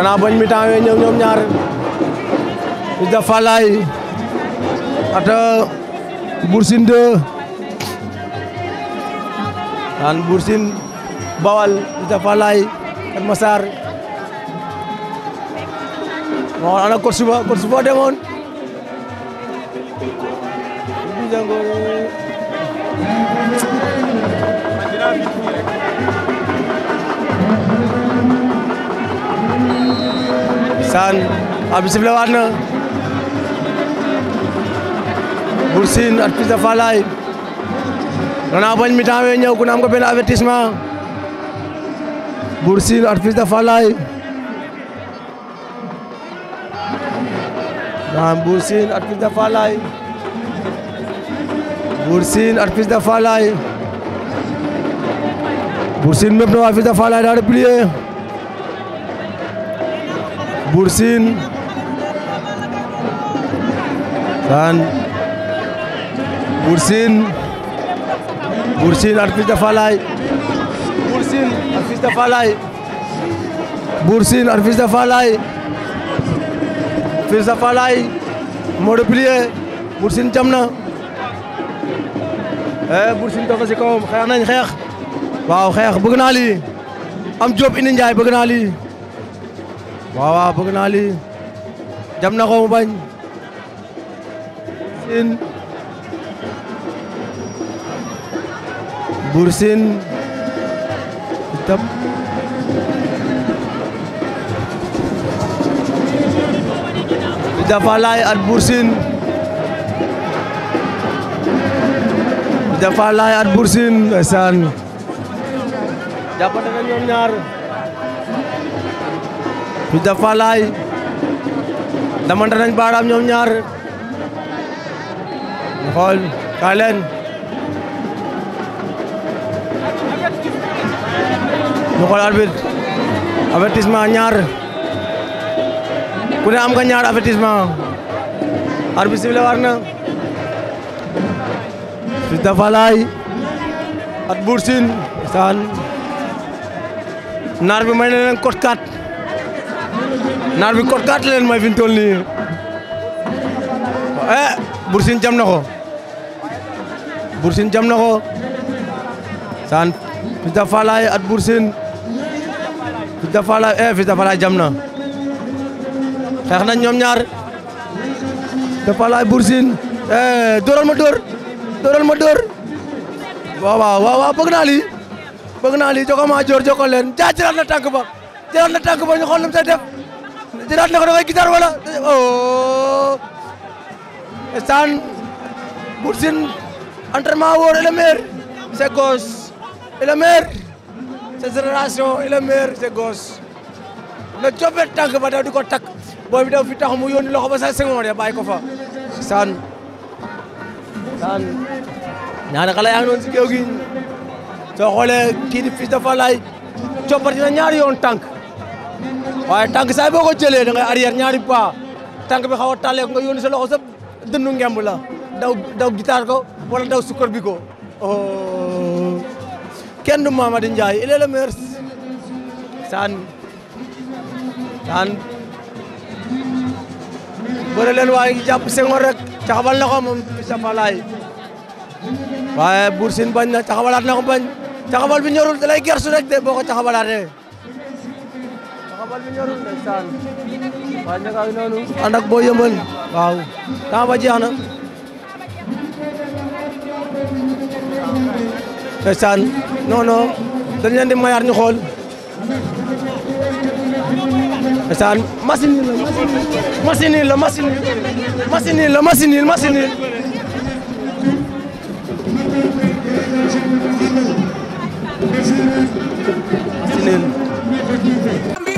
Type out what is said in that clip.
gannaaw bañ mi temps wee ñoom ñaar Fils de ata Bour Sine 2 daan Bawal Fils de Falaye Keur ana kot suba demoon saan ab sifle waat na Bour Sine ak Fils de Falaye nana bañ naam Bour Sine ak Fils de Falaye Bour Sine ak Fils de Falaye Bour Sine mépp na waa Fils de Bour Sine saan Bour Sine Bour Sine ak Fils de Falaye Bour Sine na ee eh, Bour Sine toog na si kawam xeex nañ xeex waaw xeex bëgg naa lii am Diop indi Ndiaye bëgg naa lii waaw waaw bëgg naa lii jam na ko mu bañ siin buur siin itam dafa laay at buur siin dafa laay at buur siin ndeysaan jàppante na ñoom ñaar Fils de Falaye damante nañ baaraam ñoom ñaar xool ka leen ñu xool arbitre avertissement ñaar ku ne am nga ñaar avertissement arbitre sifflé war na Fils de at Bour naar bi may na leen kot naar bi kot kaat leen may fi mu nii eh Bour jam na ko Bour jam na ko saan Fils de Falla at Bour Sine Fils de Falla eh jam na xeex nañ ñoom ñaar Fils de Falla Bour Sine eh ma dóor dóoral ma dóor waaw waaw bëgg naa lii bëgg naa lii joko ma joor joko leen jaa na tànk ba jëlaat na tànk ba ñu xool nu diraat na ko da ngay gisaar wala oh saan Bour Sine entraînement wóor et le maire c'est gosse et le génération et le maire c'est na coppet tànk ba daw di ko takk booy bi fi tax mu yónni loxo ba sa seconde ya bàyyi ko fa saan saan ñaari xale yaa ngi noonu si géew gi soo xoolee kii di fils de Falaye coppati na ñaari yoon tànk waaye tànk saa boo ko jëlee da ngay arrière ñaari pas tànk bi xaw a tàllee ko nga yónni sa loxo sa dënnu ngemb la daw daw gitaar ko wala daw sukkar bi ko oh. kenn du Mamady Ndiaye il est saan saan bëri leen waaye ngi jàpp Senghor rek caxabal na ko moom sa falaay waaye Bour bañ na caxabalaat na ko bañ caxabal bi ñorul da lay gersu rek de boo ko caxabalaatee bal bi ñorul ndeysaan waaye noonu ànd ak jeex na ndeysaan leen di mayaat ñu xool ndeysaan machine yi la machine la machine yi la machine yi machine yi